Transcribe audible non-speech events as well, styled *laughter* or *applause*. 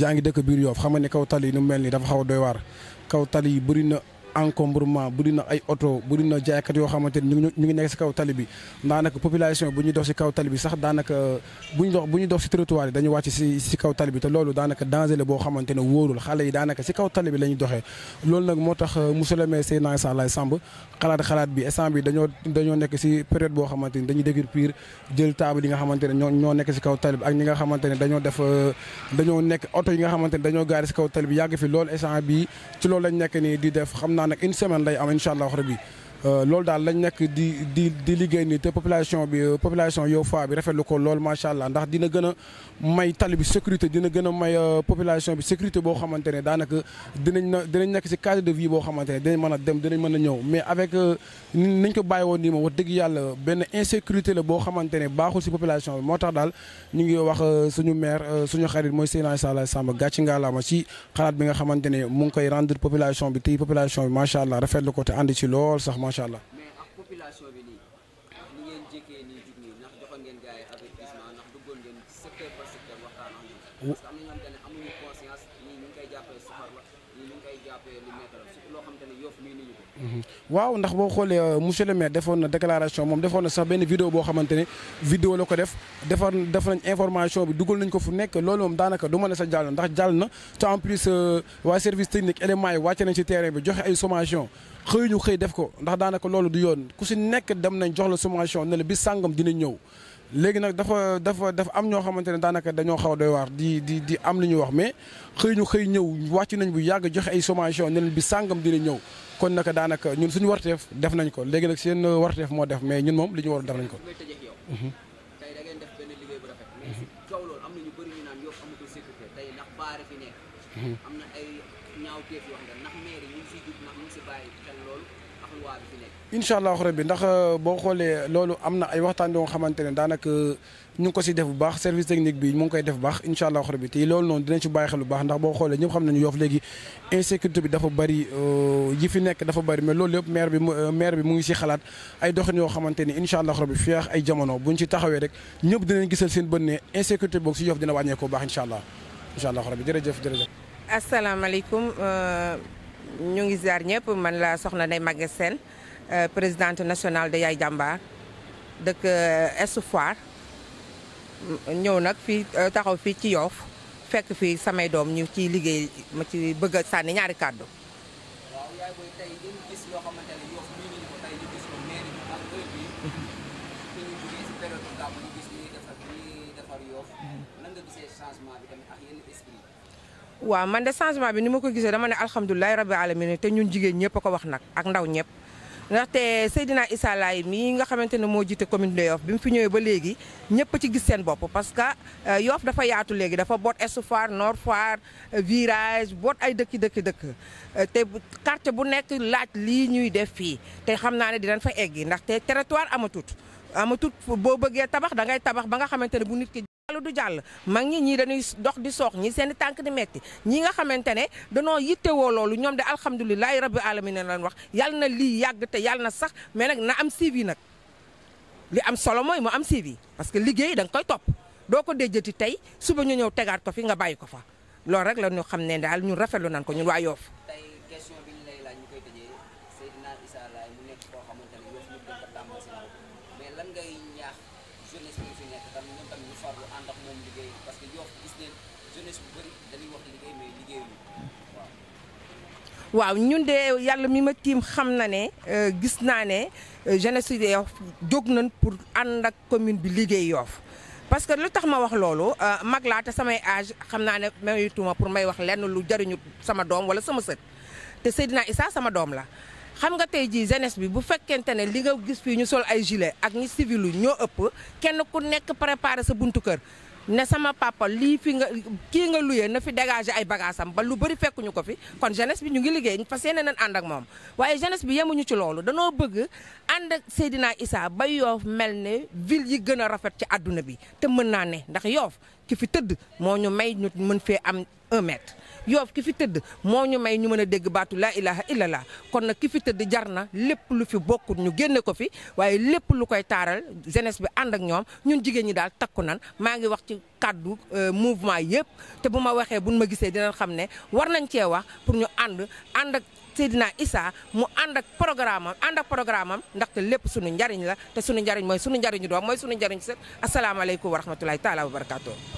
yaa ngi dëkk biir Yoff xam nga ne kaw tali yi nu mel nii dafa xaw a doy waar kaw tali yi bëri na encombrement bu dina ay oto bu dina jaaykat yoo xamante ni ñu ngi nekk si kaw tali bi daanaka population bu ñuy dox tali bi sax daanaka bu ñu dox bu ñu dox si dañu wàcc si si tali bi te loolu daanaka danger la boo ne wóorul xale yi daanaka si kaw tali bi la ñuy doxee loolu moo tax euh, monsieur le maire Seydina Issa Laye Samb dañoo nekk si période boo xamante ni dañuy déguerpir jël table nga xamante ne ñoo ñoo nekk si kaw tali ak ñi nga xamante ne dañoo def euh, dañoo nekk oto yi nga xamante dañoo gaari si kaw tali bi yàgg fi loolu instant bi ci loolu lañ nekk nii di def xam naa nag une semaine lay am incha allah rabbi Euh, loolu daal lañ nekk di di di liggéey nii te population bi population yow faa bi rafetlu ko lol macha allah ndax dina gën a may tali sécurité dina gën a may euh, population bi sécurité bo xamante ne daanaka dinañ na dinañ nekk si cadre de vie bo xamante ne dinañ dem dinañ mën a ñëw mais avec euh, niñ ko bàyyi woon nii moom wax dëgg yàlla benn insécurité le bo xamante ne baaxul si population bi dal tax daal ñu ngi wax suñu maire suñu xarit mooy Seydina Sall Samba gàcci ngaalaama si xalaat bi nga xamante mu ngi rendre population bi tey population bi macha allah rafetlu ko te andi ci lool sax macha mais ak population bi nii ni ngeen jëkkee nii jug nii ndax joxoon ngeen gars yi avertissement ndax duggoon ngeen secteur par secteur waxtaan ak ñoom. parce que am na ñoo xam ne amuñu conscience ñii ñu ngi koy jàppee safar nii ñii ñu ngi koy jàppee lu métti loo xam mhm. waaw ndax boo xoolee euh, monsieur le maire defoon na déclaration moom defoon na sax benn vidéo boo xamante ne vidéo la ko def defar def nañ information bi dugal nañ ko fu nekk loolu moom daanaka du ma sa jàll ndax jàll na te en plus euh, waa service technique éléments yi wàcce nañ ci terrain bi joxe ay sommation xëy xëy def ko ndax daanaka loolu du yoon ku si nekk dem nañ jox la sommation ne la bis sàngam dina ñëw léegi nag dafa dafa dafa am ñoo xamante ne daanaka dañoo xaw a doy waar di di di am lu ñuy wax mais xëy ñu xëy ñëw wàcc nañ bu yàgg joxe ay sommation ne bi sàngam dina ñëw kon naka daanaka ñun suñu warteef def nañ ko léegi nag seen warteef moo def mais ñun moom li ñu war def nañ ko. Mhm. Mhm. am na ñu mhm. ngi incha allahu rabbi ndax euh, boo xoolee loolu am na ay waxtaan yoo xamante ne daanaka euh, ñu ko si def bu baax service technique bi mu ngi koy def baax incha allahu rabbi te loolu noonu dinañ si baax ndax boo xoolee ñëpp xam nañu yoof léegi insécurité bi dafa bëri euh, yi fi nekk dafa bari mais loolu yëpp maire bi maire bi mu ngi si xalaat ay doxin yoo xamante ne incha allahu rabbi fiyax ay jamono ñu si taxawee rek ñëpp dinañ gisal seen bët ne insécurité boobu si yoof dina wàññeekoo bu baax incha allah incha allahu rabbi jërëjëf jërëjëf asalaamaaleykum ñu ngi ziar ñëpp man la soxna Ndeye Maguette Sène euh, présidente nationale de Yaay Jàmbaar dëkk euh, Est ñëw nag fi euh, taxaw fii ci yoof fekk fii samay doom ñu ciy liggéey ma ci bëgg a sànni ñaari kàddu. *laughs* waaw man de changement bi ni ma ko gisee dama ne alhamdulilah rabbi alamin te ñun jigéen ñëpp a ko wax nag ak ndaw ñëpp ndaxte Seydina Issa Laye mii nga xamante ne moo jiite commune de Yoff bi mu fi ñëwee ba léegi ñëpp ci gis seen bopp parce que euh, Yoff dafa yaatu léegi dafa boot Ouest noor Nord Foire euh, virage boot ay dëkk dëkki dëkk euh, te quartier bu nekk laaj lii ñuy def fii te xam naa ne dinañ fa eggi ndaxte teretoire territoire amatut amatut boo bëggee tabax da ngay tabax ba nga xamante ne bu nit jàll du jàll mag ñi ñii dañuy dox di soox ñi seen tànk di metti ñi nga xamante ne danoo yittewoo loolu ñoom de alhamdulilahi rabbi alamin lan wax yàlla na lii yàgg te yàlla na sax mais nag na am suivi nag li am solo mooy mu am suivi parce que liggéey da nga koy topp doo ko déjjati tey suba ñu ñëw tegaat ko fi nga bàyyi ko fa loolu rek la ñu xam ne daal ñun rafetlu nañ ko ñun waa Yoff waaw. ñun de yàlla mi ma tiim xam na ne euh, gis naa ne euh, jeunesse de Yoff jóg nañ pour ànd ak commune bi liggéey Yoff parce que lu tax ma wax loolu euh, mag laa te samay âge xam naa ne mayutuma pour may wax lenn lu jariñu sama doom wala sama sët te sedd Seydina Issa sama doom la. xam nga tey jii jeunesse bi bu fekkente ne li nga gis fii ñu sol ay gilet ak ñi civilu ñoo ëpp kenn ku nekk préparé sa buntu kër ne sama papa lii fi nga kii nga luyee na fi dégagé ay bagages am ba lu bëri fekkuñu ko fi kon jeunesse bi ñu ngi liggéey fas yéene nan ànd ak moom waaye jeunesse bi yemuñu ci loolu danoo bëgg ànd ak Seydina Issa ba Yoof mel ne ville yi gën a rafet ci àdduna bi te mën naa ne ndax Yoof ki fi teud mo ñu may ñu mën fe am 1 mètre yoof ki fi teud mo ñu may ñu mëna dégg batu la ilaha illallah kon na ki fi teud jarna lepp lu fi bokku ñu génné ko fi waye lepp lu koy taral jeunesse bi and ak ñom ñun jigéen ñi dal takku nan ma ngi wax ci kaddu euh, mouvement yépp te buma ma buñ ma gisee dina xamné war nañ ci wax pour ñu and and ak sayidina isa mu and ak programme and ak programme ndax ndaxte lepp suñu njariñ la te suñu njariñ moy suñu njariñu do moy suñu njariñ set alaykum wa rahmatullahi taala wa barakatuh